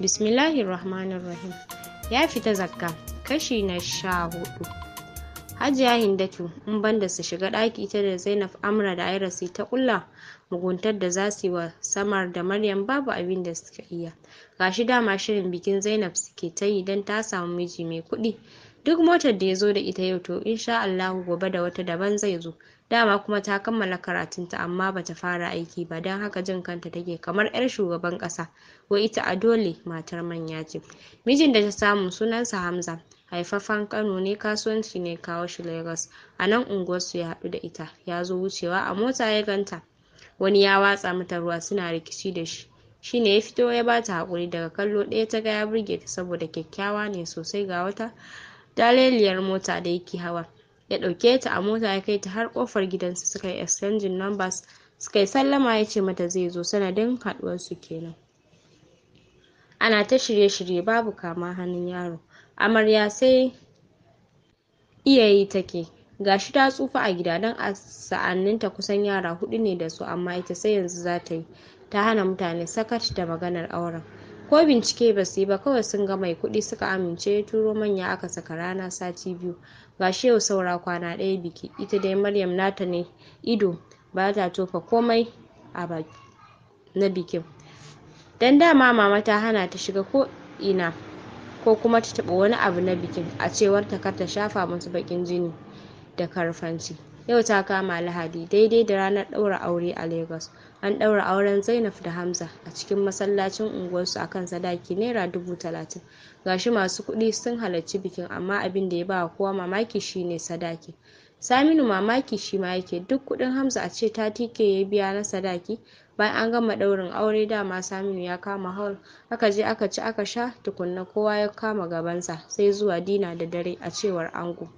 bismillahirrahmanirrahim ya fita zakka kashi na sha hudu Hajiya Hindatu in banda su shiga ɗaki ta da Zainab Amra da Aira ta kulla muguntar da za su yi wa Samar da Maryam babu abin da suka iya. ga shi dama shirin bikin Zainab suke ta yi don ta samu miji mai kuɗi. Duk motar da ya zo da ita yau to insha Allahu gobe da wata daban zai zo. Dama kuma ta kammala karatunta amma ba ta fara aiki ba don haka jin kanta take kamar 'yar shugaban ƙasa. Wai ita a dole matar manya ce. Mijin da ta samu sunansa Hamza. haifafan kano ne kasuwanci ne kawo shi lagos a nan unguwarsu ya haɗu da ita ya zo wucewa a mota ya ganta wani ya watsa mata ruwa suna rikici da shi shi ne ya fito ya ba ta haƙuri daga kallo ɗaya ta ga ya burge ta saboda kyakkyawa ne sosai ga wata daliliyar mota da yake hawa ya ɗauke ta a mota ya kai ta har ƙofar gidansu suka yi exchanging numbers suka yi sallama ya ce mata zai zo sanadin haɗuwarsu kenan ana ta shirye-shirye babu kama hannun yaro amarya sai iya yi take gashi ta tsufa a gida don a sa'anninta kusan yara hudu ne da su amma ita sai yanzu za ta yi ta hana mutane sakat da maganar auren ko bincike ba su yi ba kawai sun ga mai kuɗi suka amince ya turo manya aka saka rana sati biyu gashi yau saura kwana ɗaya biki ita dai maryam nata ne ido ba ta tofa komai a baki na bikin don dama mama ta hana ta shiga ko ina ko kuma ta taɓa wani abu na bikin a cewar ta kar ta shafa masu baƙin jini da karfanci yau ta kama lahadi daidai da ranar ɗaura aure a Legas. an ɗaura auren zainab da hamza a cikin masallacin unguwarsu a kan sadaki naira dubu talatin Ga shi masu kuɗi sun halarci bikin amma abin da ya ba kowa mamaki shine sadaki saminu mamaki shi ma yake duk kuɗin hamza a ce ta tike ya biya na sadaki bayan an gama ɗaurin aure dama Saminu ya kama hall aka je aka ci aka sha tukunna kowa ya kama gabansa sai zuwa dina da dare a cewar ango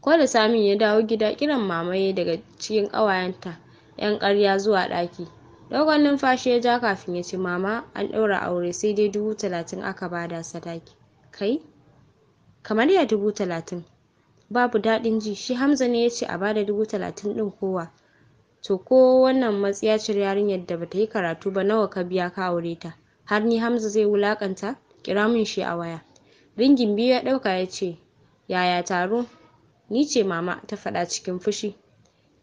ko da Saminu ya dawo gida kiran mama yayi daga cikin ƙawayenta 'yan ƙarya zuwa ɗaki dogon numfashi ya ja kafin ya ce mama an ɗaura aure sai dai dubu talatin aka bada sadaki kai kamar ya dubu talatin babu daɗin ji shi Hamza ne ya ce a bada dubu talatin ɗin kowa to ko wannan matsiya matsiyaciyar yarinyar da bata yi karatu ba nawa ka biya ka aure ta har ni Hamza zai wulakanta kira min shi a waya ringin biyu ya ɗauka ya ce yaya taro ni ce mama ta faɗa cikin fushi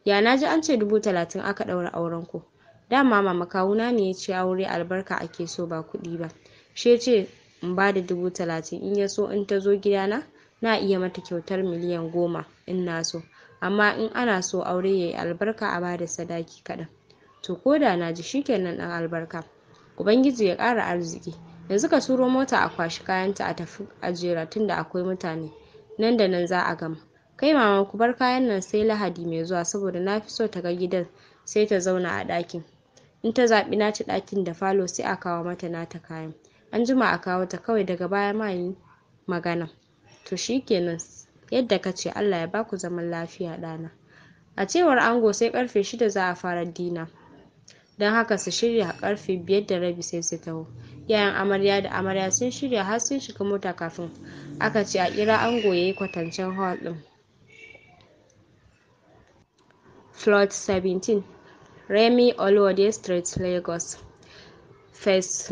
ya naji ji an ce dubu talatin aka ɗaura auren ku dama mama kawuna ne ya ce aure albarka ake so ba kuɗi ba shi ya ce in bada dubu talatin in ya so in ta zo gidana na iya mata kyautar miliyan goma in na so amma in ana so aure yayi albarka a bada sadaki kaɗan to ko koda naji shikenan ɗan albarka ubangiji ya ƙara arziki yanzu ka turo mota a kwashi kayanta a tafi a jera tunda akwai mutane nan da nan za'a gama kai mama ku bar kayan nan sai lahadi mai zuwa saboda nafi so ta ga gidan sai ta zauna a ɗakin in ta zaɓi naci ɗakin da falo sai a kawo mata nata kayan anjima a kawo ta kawai daga baya ma yi magana to shikenan yadda ka ce Allah ya baku zaman lafiya ɗana a cewar ango sai karfe shida za a fara dina don haka su shirya karfe biyar da rabi sai su taho yayan amarya da amarya sun shirya har sun shiga mota kafin aka ce a kira ango ya yi kwatancen hall ɗin flood 17 remy olwode street lagos first.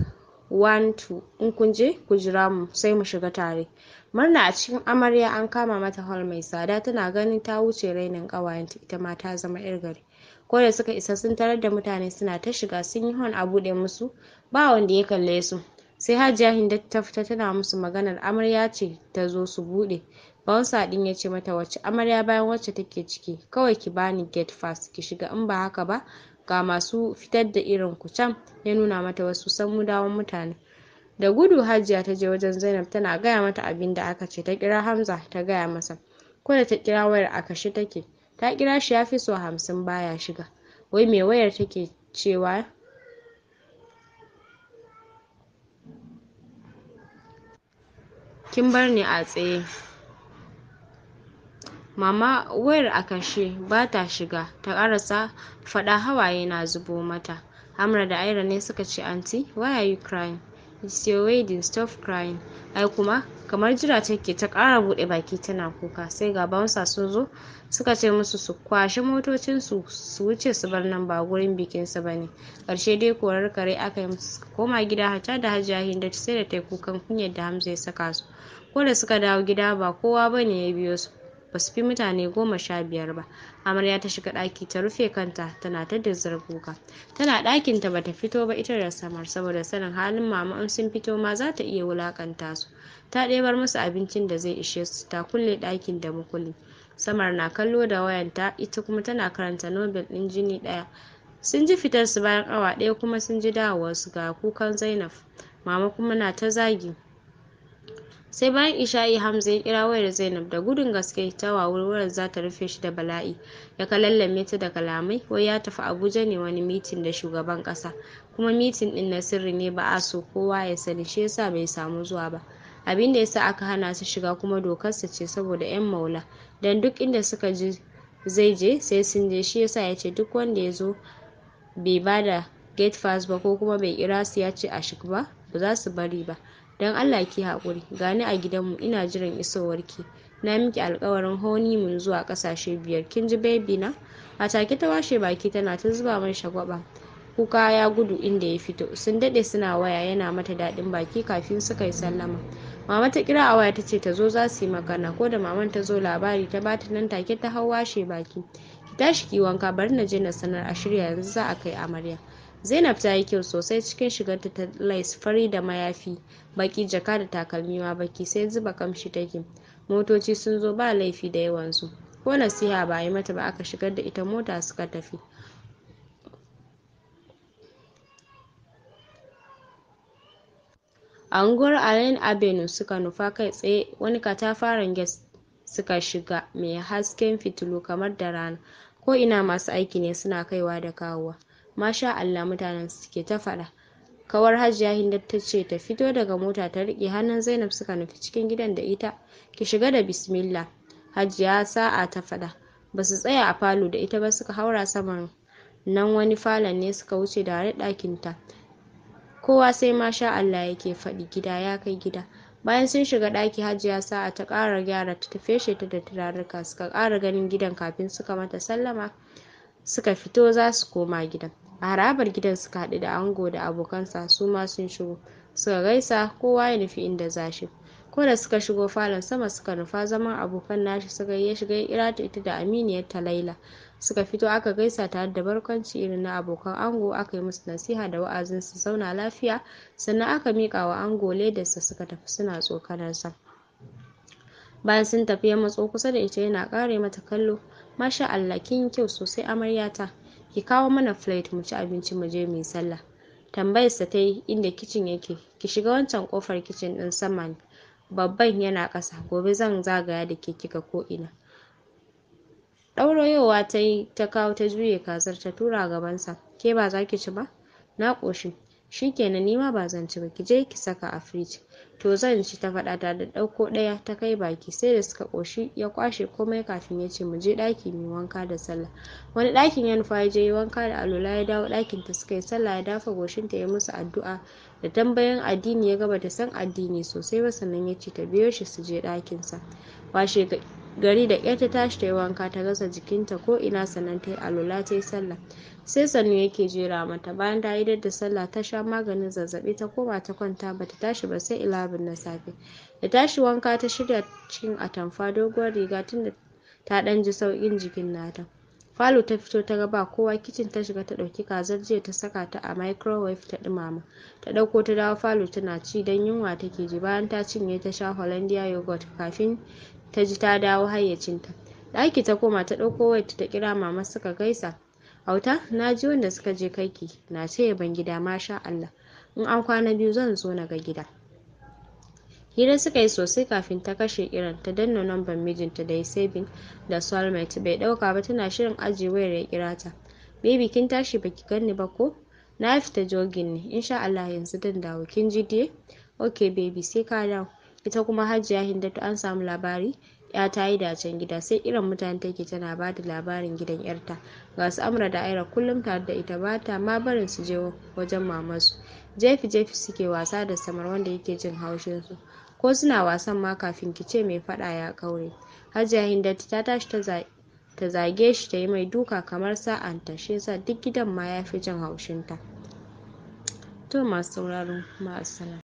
one two in kun je ku jira mu sai mu shiga tare murna a cikin amarya an kama mata hall mai tsada tana ganin ta wuce rainin ƙawayenta ita ma ta zama yar gari ko da suka isa sun tarar da mutane suna ta shiga sun yi hon a buɗe musu ba wanda ya kalle su sai hajiya hinda ta fita tana musu maganar amarya ce ta zo su buɗe Bausa ɗin ya ce mata wacce amarya bayan wacce take ciki kawai ki bani gate fast ki shiga in ba haka ba ga masu fitar da irin ku ya nuna mata wasu mudawan mutane da gudu hajiya ta je wajen zainab tana gaya mata abin da aka ce ta kira hamza ta gaya masa ko da ta kira wayar a kashe take ta kira shi ya fi so hamsin baya shiga wai me wayar take cewa kin bar ni a tsaye "Mama, wayar a kashe, ba ta shiga," ta ƙarasa, faɗa hawaye na zubo mata. Amra da Aira ne suka ce, anti why are you crying? It's your wedding, stop crying." Ai kuma, kamar jira take ta kara bude baki tana kuka, sai ga bouncer sun zo suka ce musu su kwashe motocinsu su wuce su bar nan ba gurin bikinsa ba ne. Karshe dai korar kare aka yi musu suka koma gida Hata da Hajiya Hindatu sai da ta yi kukan kunyar da Hamza ya saka su. Ko da suka dawo gida ba kowa bane ya biyo su. ba su fi mutane goma sha biyar ba amarya ta shiga ɗaki ta rufe kanta tana ta dirzar kuka tana ɗakin ta bata fito ba ita da samar saboda sanin halin mama in sun fito ma za ta iya wulakanta su ta ɗebar musu abincin da zai ishe su ta kulle ɗakin da mukulli samar na kallo da wayanta ita kuma tana karanta nobel ɗin jini ɗaya sun ji fitar bayan awa ɗaya kuma sun ji dawowarsu ga kukan zainab mama kuma na ta zagi sai bayan isha'i hamza ya kira wayar zainab da gudun gaske ta wawurwurar za ta rufe shi da bala'i ya kalallame ta da kalamai wai ya tafi abuja ne wani mitin da shugaban kasa kuma mitin din na sirri ne ba a so kowa ya sani shi yasa bai samu zuwa ba abin da yasa aka hana su shiga kuma dokarsa ce saboda yan maula dan duk inda suka ji zai je sai sun je shi yasa ya ce duk wanda ya zo bai bada gate pass ba ko kuma bai kira su ya ce a shiga ba ba za su bari ba don allah ki haƙuri gani a gidanmu ina jiran isowarki na miki alƙawarin honeymoon zuwa ƙasashe biyar kin ji baby na a take ta washe baki tana ta zuba mai shagwaba kuka ya gudu inda ya fito sun daɗe suna waya yana mata daɗin baki kafin suka yi sallama mama ta kira a waya ta ce ta zo za su yi magana ko da maman ta zo labari ta bata nan take ta hau washe baki ki tashi ki wanka bari na je na sanar a shirya yanzu za a kai amarya Zainab ta yi kyau sosai cikin shigar ta lace fari da mayafi, baki jaka da takalmi ma baki sai zuba kamshi take. Motoci sun zo ba laifi da yawansu. Ko nasiha ba a yi mata ba aka shigar da ita mota suka tafi. A unguwar Allen Avenue suka nufa kai tsaye wani katafaren gas suka shiga mai hasken fitilu kamar da rana. ko ina masu aiki ne suna kaiwa da kawowa. masha Allah mutanen ke ta faɗa kawar hajiya hindar ta ce ta fito daga mota ta riƙe hannun zainab suka nufi cikin gidan da ita ki shiga da bismillah hajiya sa'a ta faɗa ba su tsaya a falo da ita ba suka haura saman nan wani falon ne suka wuce da har ta kowa sai masha Allah yake faɗi gida ya kai gida bayan sun shiga ɗaki hajiya sa'a ta ƙara gyara ta feshe ta da turaruka suka ƙara ganin gidan kafin suka mata sallama suka fito za su koma gidan a harabar gidan suka haɗu da ango da abokansa su ma sun shigo suka gaisa kowa ya nufi inda za shi ko da suka shigo falon sama suka nufa zaman abokan nashi suka yi ya shiga ya kira ta ita da aminiyar ta laila suka fito aka gaisa tare da barkwanci irin na abokan ango aka yi musu nasiha da wa'azin su zauna lafiya sannan aka miƙa wa ango ledarsa suka tafi suna tsokanarsa bayan sun tafi ya matso kusa da ita yana ƙare mata kallo masha Allah kin kyau sosai amaryata ki kawo mana plate mu ci abinci mu je mu yi sallah tambayarsa ta yi inda kicin yake ki shiga wancan kofar kicin ɗin sama ne babban yana ƙasa gobe zan zagaya da ke kika ko ina ɗaurayowa ta yi ta kawo ta juye kazar ta tura gabansa ke ba za ki ci ba na ƙoshi shikenan nima ba zan ci ba ki je ki saka a firij to zan ci ta faɗa ta da ɗauko ɗaya ta kai baki sai da suka ƙoshi ya kwashe komai kafin ya ce mu je ɗaki mu wanka da sallah wani ɗakin ya nufa ya je wanka da alwala ya dawo ɗakin ta suka yi sallah ya dafa ta ya musu addu'a da tambayan addini ya gaba ta san addini sosai ba sannan ya ce ta biyo shi su je ɗakinsa washe gari da ƙyar ta tashi ta yi wanka ta gasa jikinta ko ina sannan ta yi alula ta yi sallah sai sannu yake jera mata bayan ta idar da sallah ta sha maganin zazzaɓi ta koma ta kwanta bata tashi ba sai ilabin na safe da tashi wanka ta shirya cikin atamfa doguwar riga tunda ta ɗan ji sauƙin jikin nata falo ta fito ta ga ba kowa kicin ta shiga ta ɗauki kazar jiya ta saka ta a microwave ta ɗumama ta ɗauko ta dawo falo tana ci don yunwa take ji bayan ta cinye ta sha hollandia yogurt kafin ta ji ta dawo hayyacinta ɗaki ta koma ta ɗauko wayarta ta kira mama suka gaisa auta na ji wanda suka je kaiki na ce ban gida masha Allah in an kwana biyu zan zo na ga gida hira suka yi sosai kafin ta kashe kiran ta danna namban mijinta da ya sabin da soulmate bai ɗauka ba tana shirin aji wayar ya kira ta baby kin tashi baki ganni ba ko na fita jogin ne insha Allah yanzu dan dawo kin ji dai okay baby sai ka dawo ita kuma Hajiya ta an samu labari ya ta yi dacen gida sai irin mutane take tana ba da labarin gidan yarta ga su amra da aira kullum tare da ita ba ta ma barin su je wajen mamansu jefi jefi suke wasa da samar wanda yake jin haushin su ko suna wasan ma kafin ki ce mai faɗa ya kaure hajiya hindati ta tashi ta zage shi ta yi mai duka kamar sa'anta shi yasa duk gidan ma ya fi jin haushinta to masu sauraro ma'assalam